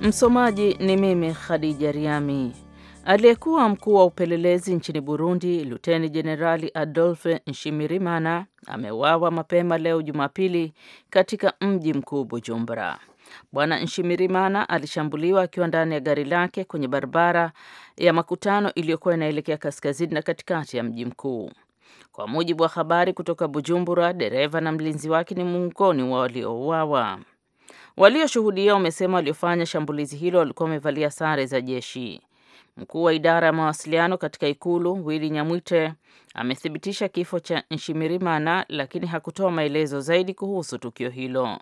Msomaji ni mimi Khadija Riami. Aliyekuwa mkuu wa upelelezi nchini Burundi, Luteni Jenerali Adolphe Nshimirimana ameuawa mapema leo Jumapili katika mji mkuu Bujumbura. Bwana Nshimirimana alishambuliwa akiwa ndani ya gari lake kwenye barabara ya makutano iliyokuwa inaelekea kaskazini na katikati ya mji mkuu. Kwa mujibu wa habari kutoka Bujumbura, dereva na mlinzi wake ni miongoni mwa waliouawa. Walioshuhudia wamesema waliofanya shambulizi hilo walikuwa wamevalia sare za jeshi. Mkuu wa idara ya mawasiliano katika ikulu Willy Nyamwite amethibitisha kifo cha Nshimirimana, lakini hakutoa maelezo zaidi kuhusu tukio hilo.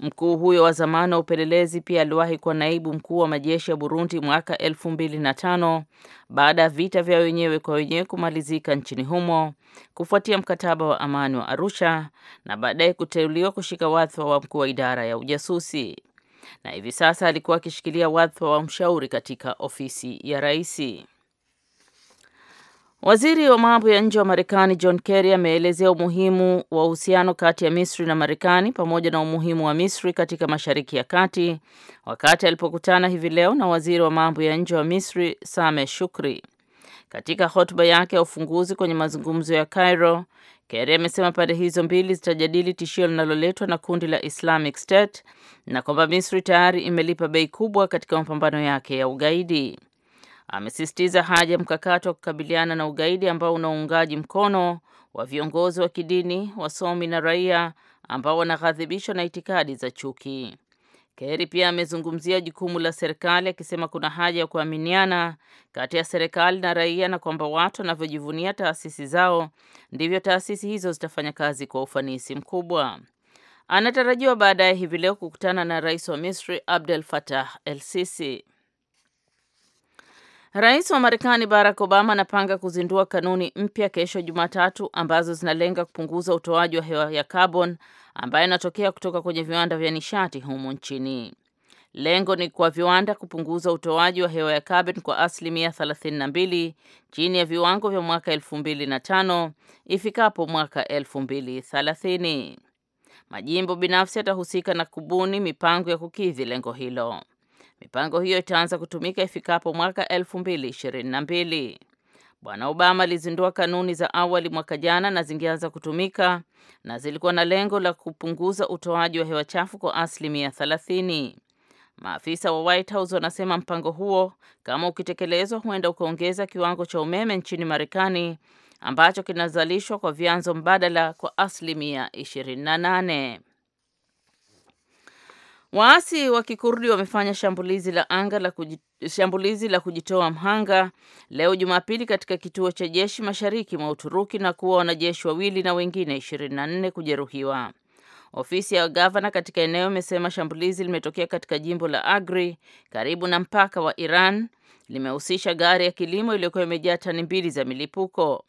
Mkuu huyo wa zamani wa upelelezi pia aliwahi kuwa naibu mkuu wa majeshi ya Burundi mwaka 2005 baada ya vita vya wenyewe kwa wenyewe kumalizika nchini humo kufuatia mkataba wa amani wa Arusha na baadaye kuteuliwa kushika wadhifa wa mkuu wa idara ya ujasusi na hivi sasa alikuwa akishikilia wadhifa wa mshauri katika ofisi ya raisi. Waziri wa mambo ya nje wa Marekani John Kerry ameelezea umuhimu wa uhusiano kati ya Misri na Marekani pamoja na umuhimu wa Misri katika Mashariki ya Kati wakati alipokutana hivi leo na waziri wa mambo ya nje wa Misri same Shukri. Katika hotuba yake ya ufunguzi kwenye mazungumzo ya Cairo, Kerry amesema pande hizo mbili zitajadili tishio linaloletwa na kundi la Islamic State na kwamba Misri tayari imelipa bei kubwa katika mapambano yake ya ugaidi amesisitiza haja ya mkakati wa kukabiliana na ugaidi ambao una uungaji mkono wa viongozi wa kidini, wasomi na raia ambao wanaghadhibishwa na itikadi za chuki. Kerry pia amezungumzia jukumu la serikali akisema kuna haja ya kuaminiana kati ya serikali na raia na kwamba watu wanavyojivunia taasisi zao ndivyo taasisi hizo zitafanya kazi kwa ufanisi mkubwa. Anatarajiwa baadaye hivi leo kukutana na Rais wa Misri Abdel Fattah El-Sisi. Rais wa Marekani Barack Obama anapanga kuzindua kanuni mpya kesho Jumatatu ambazo zinalenga kupunguza utoaji wa hewa ya carbon ambayo inatokea kutoka kwenye viwanda vya nishati humu nchini. Lengo ni kwa viwanda kupunguza utoaji wa hewa ya carbon kwa asilimia 32 chini ya viwango vya mwaka 2005 ifikapo mwaka 2030. Majimbo binafsi yatahusika na kubuni mipango ya kukidhi lengo hilo. Mipango hiyo itaanza kutumika ifikapo mwaka 2022. Bwana Obama alizindua kanuni za awali mwaka jana na zingeanza kutumika na zilikuwa na lengo la kupunguza utoaji wa hewa chafu kwa asilimia 30. Maafisa wa White House wanasema mpango huo kama ukitekelezwa, huenda ukaongeza kiwango cha umeme nchini Marekani ambacho kinazalishwa kwa vyanzo mbadala kwa asilimia 28. Waasi wa Kikurdi wamefanya shambulizi la anga la kujit, shambulizi la kujitoa mhanga leo Jumapili katika kituo cha jeshi mashariki mwa Uturuki na kuwa wanajeshi wawili na wengine 24 kujeruhiwa. Ofisi ya gavana katika eneo imesema shambulizi limetokea katika jimbo la Agri karibu na mpaka wa Iran, limehusisha gari ya kilimo iliyokuwa imejaa tani mbili za milipuko.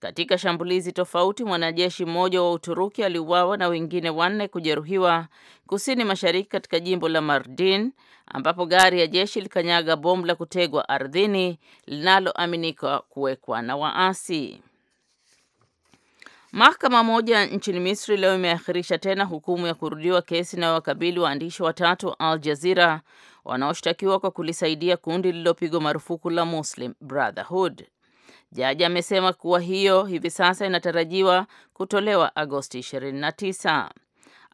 Katika shambulizi tofauti, mwanajeshi mmoja wa Uturuki aliuawa na wengine wanne kujeruhiwa kusini mashariki katika jimbo la Mardin ambapo gari ya jeshi likanyaga bomu la kutegwa ardhini linaloaminika kuwekwa na waasi. Mahakama moja nchini Misri leo imeakhirisha tena hukumu ya kurudiwa kesi inayowakabili waandishi watatu wa Al Jazeera wanaoshtakiwa kwa kulisaidia kundi lililopigwa marufuku la Muslim Brotherhood. Jaji amesema kuwa hiyo hivi sasa inatarajiwa kutolewa Agosti 29.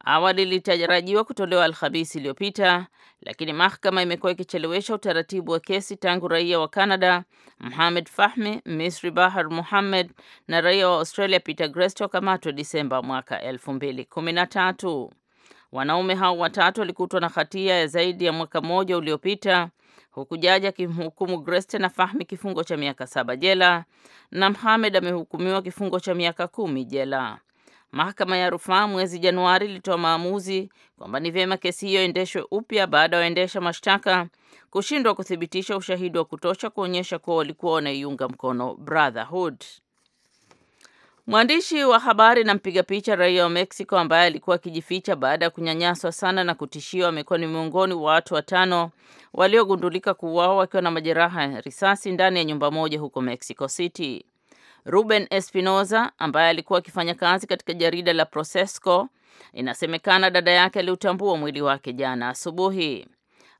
Awali ilitarajiwa kutolewa Alhamisi iliyopita, lakini mahakama imekuwa ikichelewesha utaratibu wa kesi tangu raia wa Canada Mohamed Fahmi, Misri Bahar Mohamed na raia wa Australia Peter grest wakamatwa Disemba mwaka 2013. Wanaume hao watatu walikutwa na hatia ya zaidi ya mwaka mmoja uliopita huku jaji akimhukumu Greste na Fahmi kifungo cha miaka saba jela na Mohamed amehukumiwa kifungo cha miaka kumi jela. Mahakama ya rufaa mwezi Januari ilitoa maamuzi kwamba ni vyema kesi hiyo endeshwe upya baada ya waendesha mashtaka kushindwa kuthibitisha ushahidi wa kutosha kuonyesha kuwa walikuwa wanaiunga mkono Brotherhood. Mwandishi wa habari na mpiga picha raia wa Mexico ambaye alikuwa akijificha baada ya kunyanyaswa sana na kutishiwa amekuwa ni miongoni wa watu watano waliogundulika kuuawa wakiwa na majeraha ya risasi ndani ya nyumba moja huko Mexico City. Ruben Espinoza ambaye alikuwa akifanya kazi katika jarida la Proceso, inasemekana dada yake aliutambua mwili wake jana asubuhi.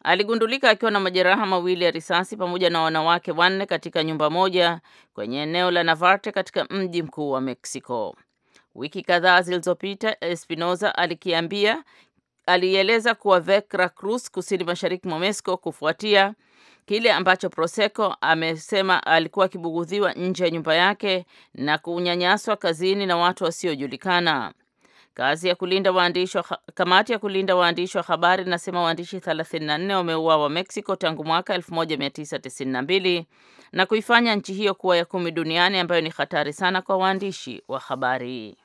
Aligundulika akiwa na majeraha mawili ya risasi pamoja na wanawake wanne katika nyumba moja kwenye eneo la Navarte katika mji mkuu wa Mexico. Wiki kadhaa zilizopita, Espinoza alikiambia alieleza kuwa Vekra Cruz kusini mashariki mwa Mexico kufuatia kile ambacho proseco amesema alikuwa akibugudhiwa nje ya nyumba yake na kunyanyaswa kazini na watu wasiojulikana. Kazi ya kulinda waandishi kamati ya kulinda waandishi wa habari inasema waandishi 34 wameuawa Mexico tangu mwaka 1992 na kuifanya nchi hiyo kuwa ya kumi duniani ambayo ni hatari sana kwa waandishi wa habari.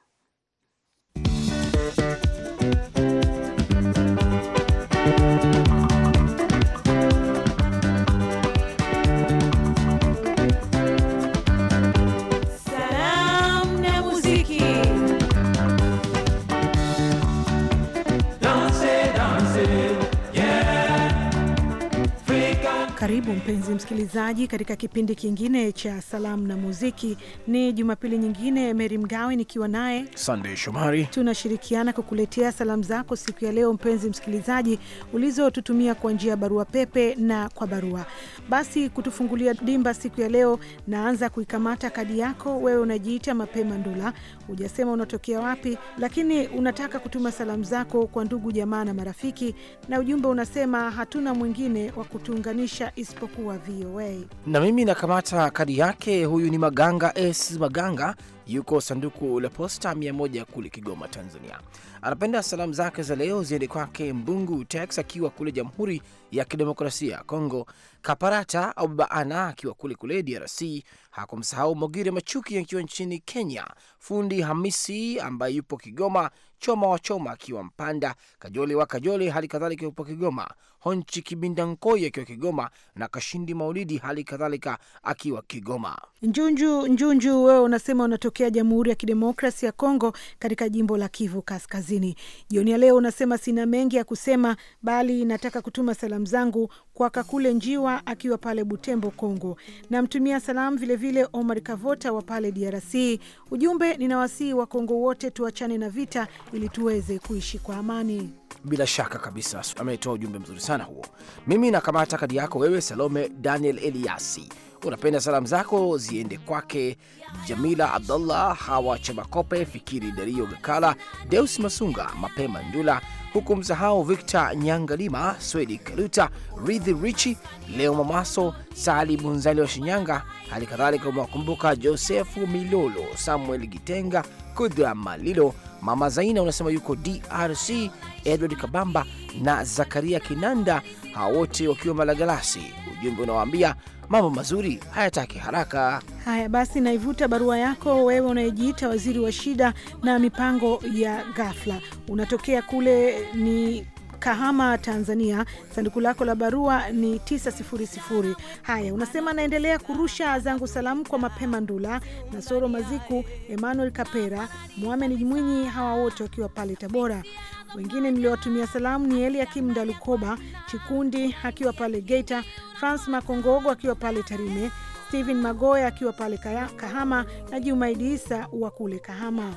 Karibu mpenzi msikilizaji, katika kipindi kingine cha salamu na muziki. Ni jumapili nyingine, Meri Mgawe nikiwa naye Sandey Shomari, tunashirikiana kukuletea salamu zako siku ya leo, mpenzi msikilizaji, ulizotutumia kwa njia ya barua pepe na kwa barua. Basi kutufungulia dimba siku ya leo, naanza kuikamata kadi yako. Wewe unajiita Mapema Ndula, hujasema unatokea wapi, lakini unataka kutuma salamu zako kwa ndugu, jamaa na marafiki, na ujumbe unasema hatuna mwingine wa kutuunganisha isipokuwa VOA na mimi nakamata kadi yake. Huyu ni Maganga S Maganga yuko sanduku la posta 100 kule Kigoma, Tanzania. Anapenda salamu zake za leo ziende kwake Mbungu Tex akiwa kule Jamhuri ya Kidemokrasia ya Kongo, Kaparata au Baba Ana akiwa kule kule DRC. Hakumsahau Mogire Machuki akiwa nchini Kenya, fundi Hamisi ambaye yupo Kigoma, Choma wa Choma akiwa Mpanda, Kajole wa Kajole hali kadhalika yupo Kigoma, Honchi Kibinda Nkoi akiwa Kigoma na Kashindi Maulidi hali kadhalika akiwa Kigoma. Njunju Njunju, wewe unasema unatokea kutokea Jamhuri ya Kidemokrasi ya Kongo katika jimbo la Kivu Kaskazini. Jioni ya leo unasema sina mengi ya kusema, bali nataka kutuma salamu zangu kwa Kakule Njiwa akiwa pale Butembo, Kongo. Namtumia salamu vilevile Omar Kavota wa pale DRC. Ujumbe, ninawasihi Wakongo wote tuachane na vita ili tuweze kuishi kwa amani. Bila shaka kabisa, ametoa ujumbe mzuri sana huo. Mimi nakamata kadi yako wewe, Salome Daniel Eliasi Unapenda salamu zako ziende kwake Jamila Abdullah, Hawa Chamakope, Fikiri Dario Gakala, Deus Masunga, Mapema Ndula, huku msahau Victor Nyangalima, Swedi Kaluta, Ridhi Richi, Leo Mamaso, Sali Bunzali wa Shinyanga. Hali kadhalika umewakumbuka Josefu Milolo, Samuel Gitenga, Kudra Malilo, Mama Zaina unasema yuko DRC, Edward Kabamba na Zakaria Kinanda, hawa wote wakiwa Malagalasi. Ujumbe unawaambia mambo mazuri hayataki haraka. Haya basi, naivuta barua yako wewe unayejiita waziri wa shida na mipango ya ghafla, unatokea kule ni Kahama, Tanzania. Sanduku lako la barua ni 900. Haya, unasema naendelea kurusha zangu salamu kwa Mapema Ndula, Nasoro Maziku, Emmanuel Kapera, Mohamed Mwinyi, hawa wote wakiwa pale Tabora. Wengine niliowatumia salamu ni Eliakim Ndalukoba Chikundi akiwa pale Geita, Franc Makongogo akiwa pale Tarime, Stephen Magoya akiwa pale Kahama na Jumaidi Isa wa kule Kahama.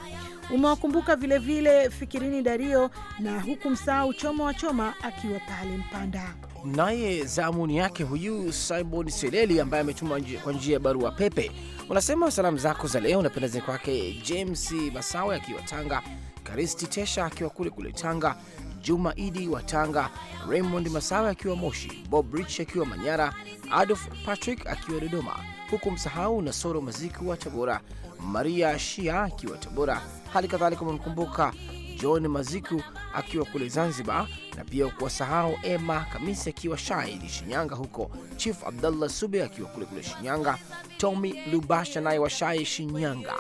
Umewakumbuka vilevile Fikirini Dario na huku msahau Choma wa Choma akiwa pale Mpanda. Naye zamuni yake huyu Simon Seleli ambaye ametuma kwa njia ya barua pepe, unasema salamu zako za leo unapendeza kwake James Masawe akiwa Tanga, Karisti Tesha akiwa kule kule Tanga, Juma Idi wa Tanga, Raymond Masawe akiwa Moshi, Bob Rich akiwa Manyara, Adolf Patrick akiwa Dodoma, huku msahau na Soro Maziku wa Tabora, Maria Shia akiwa Tabora. Hali kadhalika wamemkumbuka John Maziku akiwa kule Zanzibar, na pia kuwasahau Emma Kamisi akiwa Shaidi Shinyanga huko, Chief abdullah Sube akiwa kule kule Shinyanga, Tommy Lubasha naye wa Shai Shinyanga.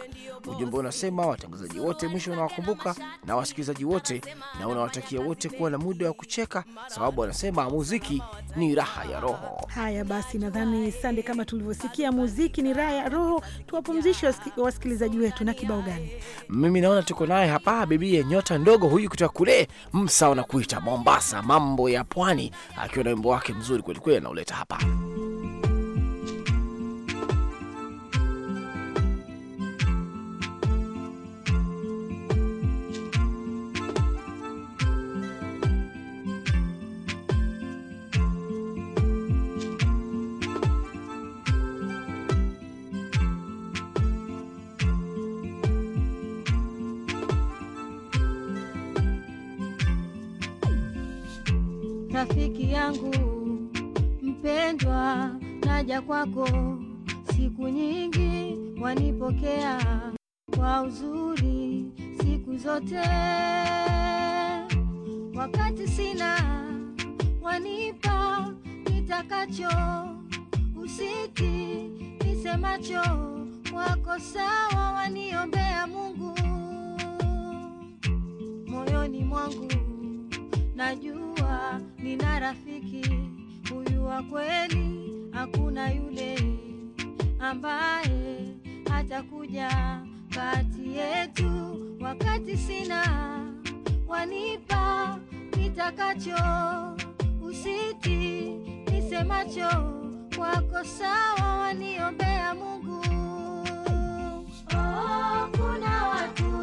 Ujumbe unasema watangazaji wote mwisho unawakumbuka na wasikilizaji wote, na unawatakia wote kuwa na muda wa kucheka, sababu wanasema muziki ni raha ya roho. Haya basi, nadhani Sande, kama tulivyosikia, muziki ni raha ya roho. Tuwapumzishe wasikilizaji wetu na kibao gani? Mimi naona tuko naye hapa, bibie nyota ndogo huyu kutoka kule Msa, na mom Mombasa, mambo ya pwani, akiwa na wimbo wake mzuri kwelikweli anauleta hapa. yangu mpendwa, naja kwako siku nyingi, wanipokea kwa uzuri siku zote, wakati sina wanipa nitakacho, usiki nisemacho wako sawa, waniombea Mungu moyoni mwangu najua nina rafiki huyu wa kweli, hakuna yule ambaye hatakuja kati yetu wakati sina wanipa nitakacho usiti nisemacho kwako sawa, waniombea Mungu. Oh, kuna watu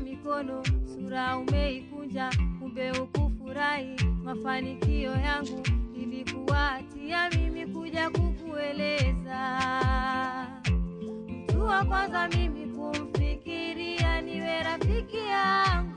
mikono, sura umeikunja, kumbe ukufurahi mafanikio yangu. Ilikuwa tia mimi kuja kukueleza, mtu wa kwanza mimi kumfikiria niwe rafiki yangu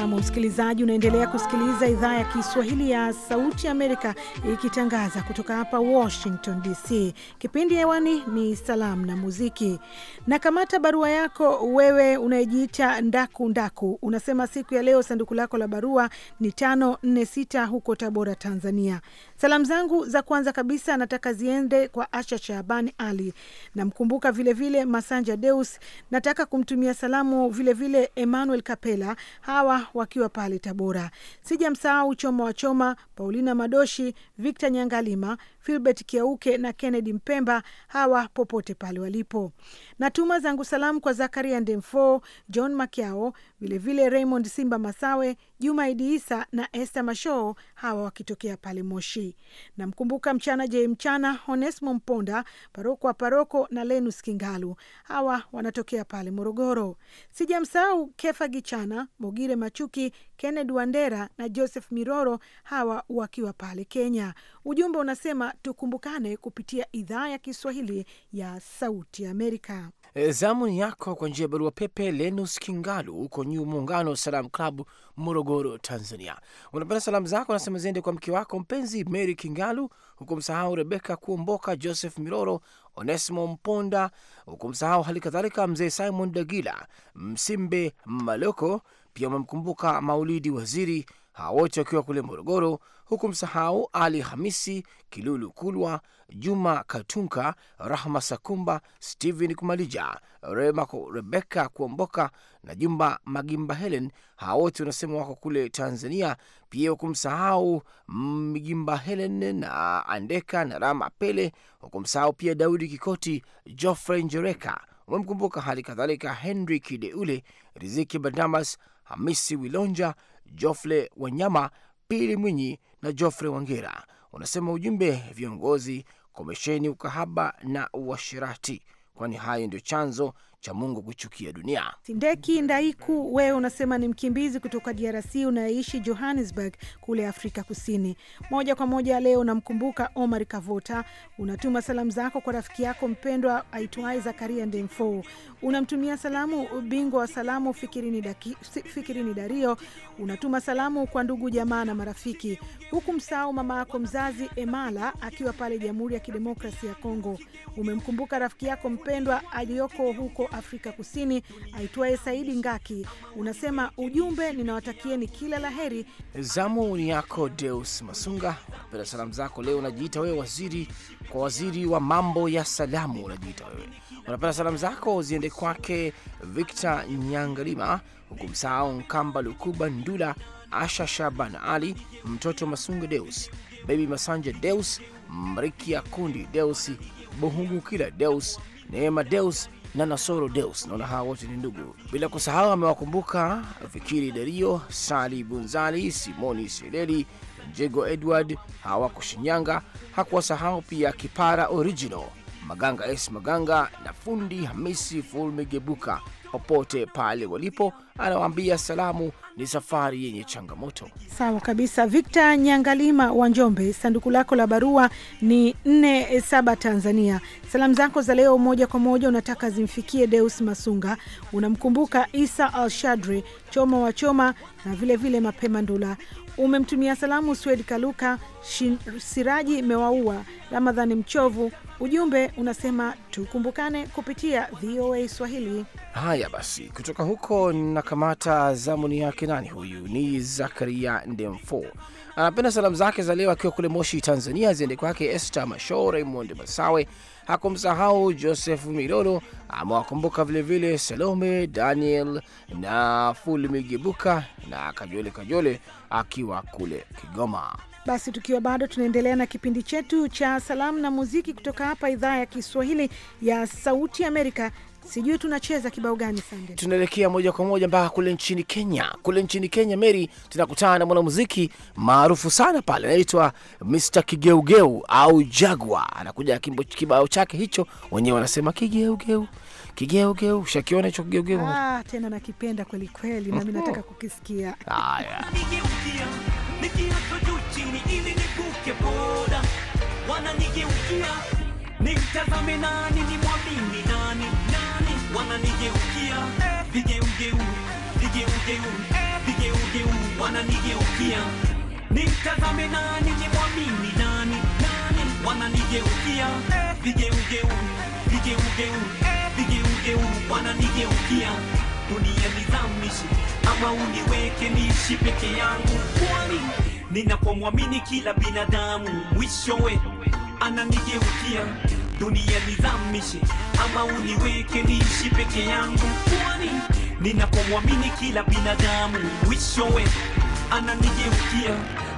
Naam, msikilizaji, unaendelea kusikiliza idhaa ya Kiswahili ya Sauti Amerika ikitangaza kutoka hapa Washington DC. Kipindi hewani ni Salamu na Muziki. Na kamata barua yako wewe unayejiita Ndaku Ndaku, unasema siku ya leo sanduku lako la barua ni 546 huko Tabora, Tanzania. Salamu zangu za kwanza kabisa nataka ziende kwa Asha Shahabani Ali, namkumbuka vilevile Masanja Deus, nataka kumtumia salamu vilevile vile Emmanuel Kapela, hawa wakiwa pale Tabora. Sijamsahau Choma wa Choma, Paulina Madoshi, Victor Nyangalima, Filbert Kiauke na Kennedy Mpemba, hawa popote pale walipo. Natuma zangu salamu kwa Zakaria Ndemfo, John Makiao, vilevile Raymond Simba Masawe, Juma Idi Isa na Esther Mashoo, hawa wakitokea pale Moshi. Namkumbuka mchana je mchana Honesmo Mponda, paroko wa paroko na Lenus Kingalu, hawa wanatokea pale Morogoro. Sijamsahau Kefa Gichana, Mogire Machuki, Kennedy Wandera na Joseph Miroro, hawa wakiwa pale Kenya. Ujumbe unasema tukumbukane kupitia idhaa ya Kiswahili ya Sauti Amerika. Eh, zamu yako kwa njia ya barua pepe. Lenus Kingalu huko Nyuu Muungano Salam Club, Morogoro, Tanzania, unapenda salamu zako nasema ziende kwa mke wako mpenzi Mary Kingalu, huku msahau Rebeka Kuomboka, Joseph Miroro, Onesimo Mponda, ukumsahau hali kadhalika mzee Simon Dagila, Msimbe Maloko, pia umemkumbuka Maulidi Waziri hawa wote wakiwa kule Morogoro, huku msahau Ali Hamisi Kilulu Kulwa, Juma Katunka, Rahma Sakumba, Steven Kumalija, Rebeka Kuomboka na Jumba Magimba Helen. Hawa wote wanasema wako kule Tanzania pia, hukumsahau Migimba Helen na Andeka na Rama Pele, hukumsahau pia Daudi Kikoti, Joffrey Njereka umemkumbuka, hali kadhalika Henry Kideule, Riziki Bandamas, Hamisi Wilonja jofre Wanyama, Pili Mwinyi na Jofre Wangera. Unasema ujumbe, viongozi, komesheni ukahaba na uashirati, kwani hayo ndio chanzo cha Mungu kuichukia dunia. Sindeki Ndaiku, wewe unasema ni mkimbizi kutoka DRC unayeishi Johannesburg kule Afrika Kusini. Moja kwa moja leo unamkumbuka Omar Kavota, unatuma salamu zako kwa rafiki yako mpendwa aitwaye Zakaria Ndemfo, unamtumia salamu bingwa wa salamu Fikirini, Daki, Fikirini Dario, unatuma salamu kwa ndugu jamaa na marafiki, huku msahau mama yako mzazi Emala akiwa pale Jamhuri ya Kidemokrasi ya Kongo. Umemkumbuka rafiki yako mpendwa aliyoko huko Afrika Kusini aitwaye Saidi Ngaki. Unasema ujumbe, ninawatakieni kila la heri. Zamu ni yako Deus Masunga, unapenda salamu zako leo, unajiita wewe waziri kwa waziri wa mambo ya salamu, unajiita wewe, unapenda salamu zako ziende kwake Victor Nyangalima, huku msahau Nkamba Lukuba Ndula, Asha Shaban Ali, mtoto Masunga Deus, Baby Masanja Deus, Mrikia Kundi Deus, Bohungu Kila Deus, Neema Deus na Nasoro Deus. Naona hawa wote ni ndugu, bila kusahau amewakumbuka Fikiri Dario, Sali Bunzali, Simoni Seleli, Jego Edward, hawakushinyanga. Hakuwasahau pia Kipara Original Maganga S Maganga na fundi Hamisi Fulmigebuka, popote pale walipo, anawaambia salamu ni safari yenye changamoto. Sawa kabisa. Victor Nyangalima wa Njombe, sanduku lako la barua ni 47 Tanzania. Salamu zako za leo moja kwa moja unataka zimfikie Deus Masunga, unamkumbuka Isa Al Shadri Choma wa Choma na vilevile vile Mapema Ndula, umemtumia salamu Swed Kaluka Shin, Siraji Mewaua, Ramadhani Mchovu. Ujumbe unasema tukumbukane kupitia VOA Swahili. Haya basi, kutoka huko na kamata zamuni yake. Nani huyu? Ni Zakaria Ndemfo, anapenda salamu zake za leo akiwa kule Moshi, Tanzania, ziende kwake este Mashore, Raymond Masawe hakumsahau Joseph Miroro, amewakumbuka vilevile Salome Daniel na Fulmigibuka na Kajole Kajole akiwa kule Kigoma. Basi tukiwa bado tunaendelea na kipindi chetu cha salamu na muziki kutoka hapa idhaa ya Kiswahili ya Sauti Amerika. Sijui tunacheza kibao gani Sande. Tunaelekea moja kwa moja mpaka kule nchini Kenya. Kule nchini Kenya, Mary, tunakutana na mwanamuziki maarufu sana pale, anaitwa Mr Kigeugeu au Jagwa. Anakuja kibao chake hicho, wenyewe wanasema kigeugeu kigeugeu. Shakiona hicho kigeugeu? Ah, tena nakipenda kweli kweli, nami nataka kukisikia. Haya ah, wananigeukia vigeugeu vigeugeu vigeugeu wananigeukia nitazame nani mwamini nani nani wananigeukia vigeugeu vigeugeu vigeugeu wananigeukia dunia nizamishi ama uniweke niishi peke yangu kwani ninapomwamini kila binadamu mwishowe ananigeukia dunia nizamishe, ama uniweke niishi peke yangu, kwani ninapomwamini kila binadamu mwishowe ananigeukia.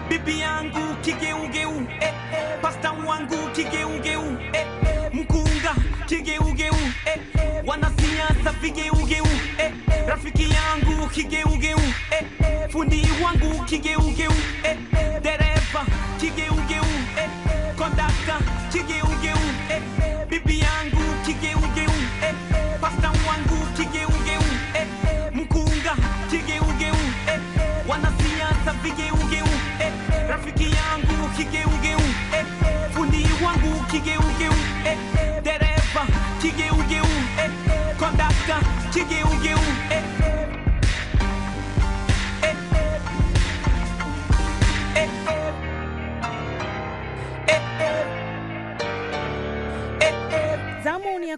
Bibi yangu kigeugeu, eh, eh, pasta wangu kigeugeu, eh, eh, mkunga kigeugeu, eh, eh, wanasiasa vigeugeu, eh, eh, rafiki yangu kigeugeu, eh, eh, fundi wangu kigeugeu, eh, eh, dereva kigeugeu, eh, eh. kondakta kigeugeu bibi yangu kigeugeu eh, eh, pasta wangu kigeugeu eh, eh mkunga kigeugeu eh, eh wanasiasa vigeugeu rafiki yangu kigeugeu fundi wangu kigeugeu dereva kigeugeu eh, kondakta kigeugeu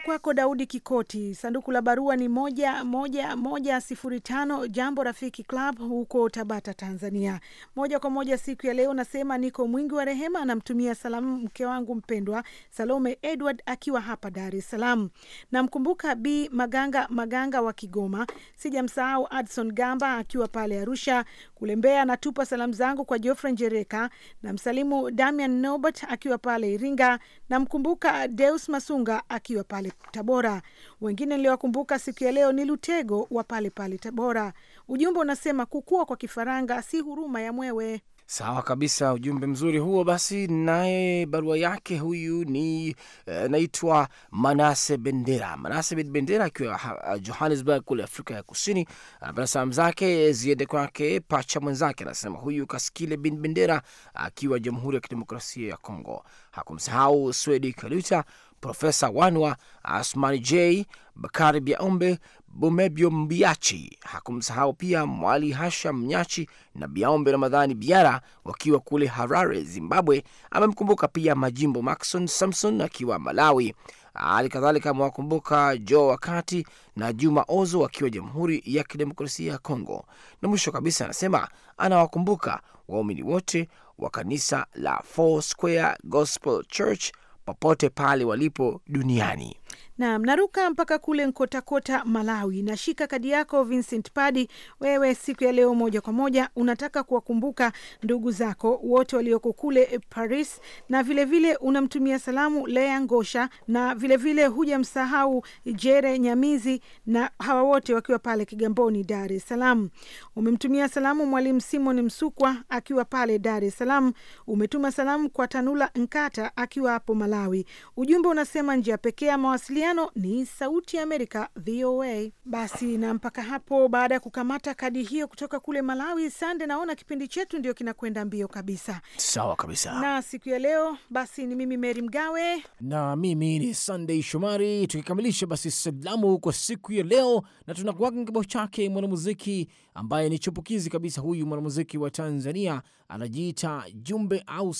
kwako Daudi Kikoti. Sanduku la barua ni moja moja moja sifuri tano Jambo Rafiki Club huko Tabata, Tanzania. Moja kwa moja siku ya leo nasema niko mwingi wa rehema, anamtumia salamu mke wangu mpendwa Salome Edward akiwa hapa Dar es Salaam. Namkumbuka B Maganga Maganga wa Kigoma, sijamsahau Adson Gamba akiwa pale Arusha kule Mbeya. Natupa salamu zangu kwa jofre Njereka na msalimu Damian Nobert akiwa pale Iringa. Namkumbuka Deus Masunga akiwa pale Tabora. Wengine niliowakumbuka siku ya leo ni Lutego wa pale pale Tabora. Ujumbe unasema kukua kwa kifaranga si huruma ya mwewe. Sawa kabisa, ujumbe mzuri huo. Basi naye barua yake huyu ni eh, anaitwa Manase Bendera. Manase Bendera akiwa Johannesburg kule Afrika ya Kusini, Anapenda salamu zake ziende kwake pacha mwenzake, anasema huyu Kaskile bin Bendera akiwa Jamhuri ya Kidemokrasia ya Kongo. Hakumsahau Swedi Kaluta Profesa Wanwa Asmani J, Bakari Biaombe, Bumebyo Mbiachi. Hakumsahau pia Mwali hasha Mnyachi na Biaombe Ramadhani Biara wakiwa kule Harare, Zimbabwe. Amemkumbuka pia Majimbo Maxon Samson akiwa Malawi. Hali kadhalika amewakumbuka Jo Wakati na Juma Ozo wakiwa Jamhuri ya Kidemokrasia ya Kongo, na mwisho kabisa anasema anawakumbuka waumini wote wa kanisa la Four Square Gospel Church popote pale walipo duniani. Nam, naruka mpaka kule Nkotakota, Malawi. Nashika kadi yako Vincent Padi. Wewe siku ya leo moja kwa moja unataka kuwakumbuka ndugu zako wote walioko kule Paris, na vilevile vile unamtumia salamu Lea Ngosha, na vilevile huja msahau Jere Nyamizi, na hawa wote wakiwa pale Kigamboni, Dar es Salaam. Umemtumia salamu Mwalimu Simon Msukwa akiwa pale Dar es Salaam. Umetuma salamu kwa Tanula Nkata akiwa hapo Malawi. Ujumbe unasema njia pekee ya mawasiliano Mahojiano ni Sauti ya Amerika, VOA. Basi na mpaka hapo, baada ya kukamata kadi hiyo kutoka kule Malawi, Sande, naona kipindi chetu ndio kinakwenda mbio kabisa. Sawa kabisa. Na siku ya leo basi ni mimi Meri Mgawe na mimi ni Sandey Shomari, tukikamilisha basi salamu kwa siku ya leo, na tunakuaga kibao chake mwanamuziki ambaye ni chupukizi kabisa. Huyu mwanamuziki wa Tanzania anajiita Jumbe au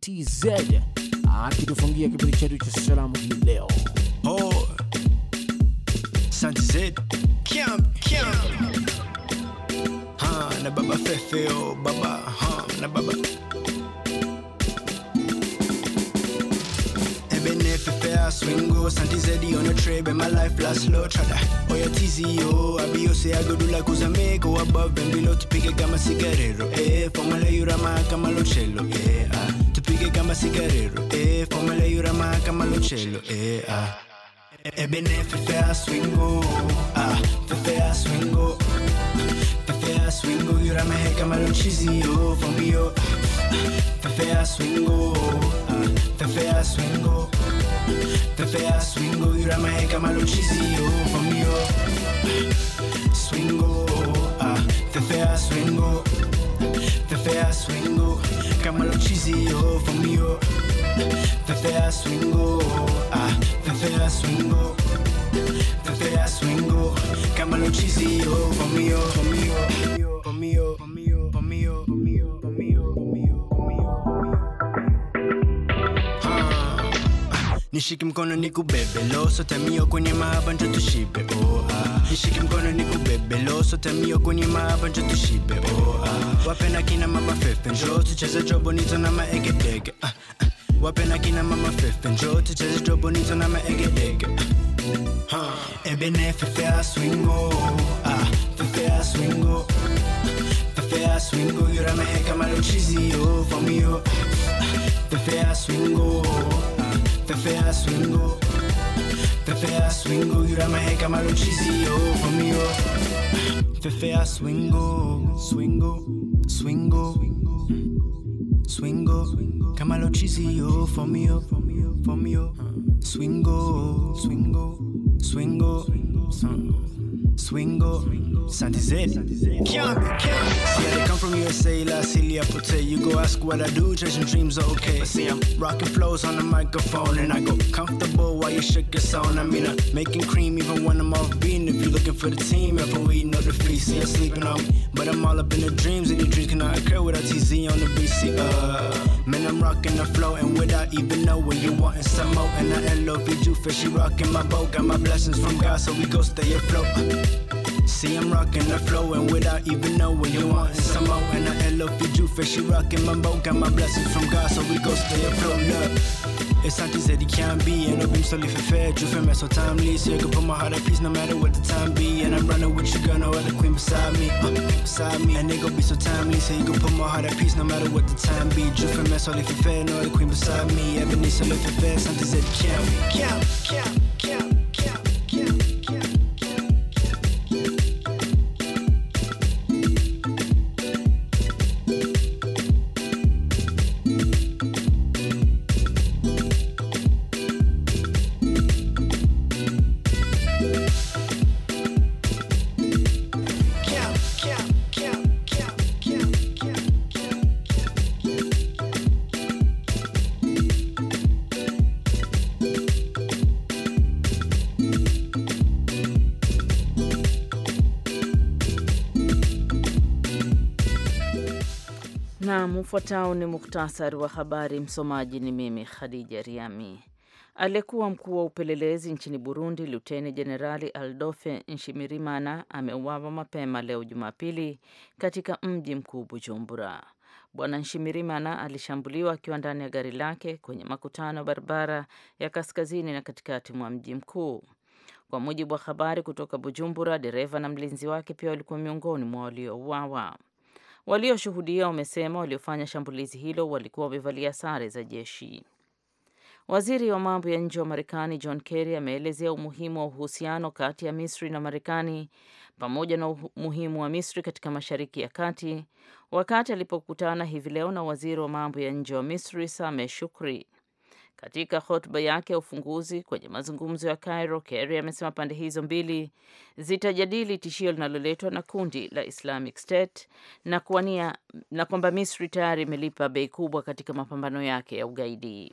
TZ akitufungia kipindi chetu cha salamu hii leo. Oh, Santi Kiam, Kiam. Ha, na baba fefe, oh, baba, ha, na baba. fair go. Santi Zeddy on a oh, tray but my life last low Trada Oya TZO oh, Abiyose oh, agudula kuzame Go above and below Tupige kama sigarero Eh Formale yurama kama lochelo Eh ah Tupige kama sigarero Eh Formale yurama kama lochelo Eh ah. Ebbe ne fefe a swingo, ah, fefe a swingo Fefe a cheesy yura me kamalo chizio, fombio Fefe a swingo, ah, fefe a swingo Fefe a swingo, yura me kamalo chizio, fombio Swingo, ah, fefe a swingo Fefe a swingo, kamalo chizio, fombio Pepe swingo, Nishiki mkono nikubebe lo sote mio kwenye mahaba njo tushibe oh ah. Nishiki mkono nikubebe lo sote mio kwenye mahaba njo tushibe oh ah. Wapenda kina mabafefe njo tucheze jobo nito na maegedege ah. wapenaki na mama fefe njo ticheze tobonizo na maegedege ebene fefea swingo ah, fefea swingo fefea swingo yuramehe kama luchizio vamio fefea swingo ah, fefea swingo fefea swingo yuramehe kama luchizio vamio fefea swingo swingo swingo swingo, swingo. Camalo Chizio, for me, up, for me, up, for me, swing Swingo, swingo, swingo, swingo. swingo. Uh. Swingo, Santi Z. Yeah, they come from USA, La Cilia Pote. You go ask what I do, chasing dreams are okay. I see I'm rocking flows on the microphone, and I go comfortable while you shake your sound. I mean, I'm making cream even when I'm off beating. If you're looking for the team, if we know the feast, see, I'm sleeping on me. But I'm all up in the dreams, and your dreams cannot occur without TZ on the BC. Uh, man, I'm rocking the flow, and without even knowing you wanting some more. And I love you, fishy rocking my boat. Got my blessings from God, so we go stay afloat. See, I'm rocking the flow, and without even knowing, you want some more. And I love you, Juve, she rocking my boat. Got my blessings from God, so we go stay afloat. Look, it's not easy, it can not be. And i am been so living fair, Juve, man, so timely. So you can put my heart at peace no matter what the time be. And I'm running with you, girl, no other queen beside me. Uh, beside me, and they gon' be so timely. So you can put my heart at peace no matter what the time be. Juve, man, so for fair, no other queen beside me. Ebenezer, living fair, something that can be. Count, count, count. Ufuatao ni muhtasari wa habari. Msomaji ni mimi Khadija Riami. Aliyekuwa mkuu wa upelelezi nchini Burundi, Luteni Jenerali aldofe Nshimirimana ameuawa mapema leo Jumapili katika mji mkuu Bujumbura. Bwana Nshimirimana alishambuliwa akiwa ndani ya gari lake kwenye makutano ya barabara ya kaskazini na katikati mwa mji mkuu. Kwa mujibu wa habari kutoka Bujumbura, dereva na mlinzi wake pia walikuwa miongoni mwa waliouawa. Walioshuhudia wamesema waliofanya shambulizi hilo walikuwa wamevalia sare za jeshi. Waziri wa mambo ya nje wa Marekani John Kerry ameelezea umuhimu wa uhusiano kati ya Misri na Marekani pamoja na umuhimu wa Misri katika Mashariki ya Kati wakati alipokutana hivi leo na waziri wa mambo ya nje wa Misri Sameh Shukri. Katika hotuba yake ya ufunguzi kwenye mazungumzo ya Cairo, Kerry amesema pande hizo mbili zitajadili tishio linaloletwa na kundi la Islamic State na kuwania, na kwamba Misri tayari imelipa bei kubwa katika mapambano yake ya ugaidi.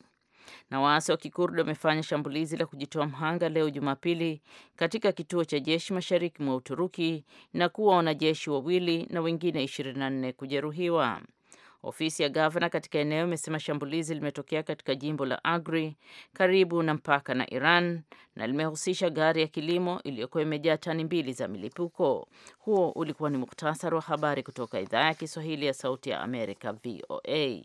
Na waasi wa Kikurdi wamefanya shambulizi la kujitoa mhanga leo Jumapili katika kituo cha jeshi mashariki mwa Uturuki na kuwa wanajeshi wawili na wengine 24 kujeruhiwa. Ofisi ya gavana katika eneo imesema shambulizi limetokea katika jimbo la Agri karibu na mpaka na Iran na limehusisha gari ya kilimo iliyokuwa imejaa tani mbili za milipuko. Huo ulikuwa ni muktasari wa habari kutoka idhaa ya Kiswahili ya Sauti ya Amerika, VOA.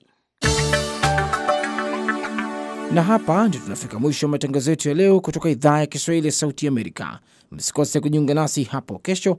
Na hapa ndio tunafika mwisho wa matangazo yetu ya leo kutoka idhaa ya Kiswahili ya Sauti ya Amerika. Msikose kujiunga nasi hapo kesho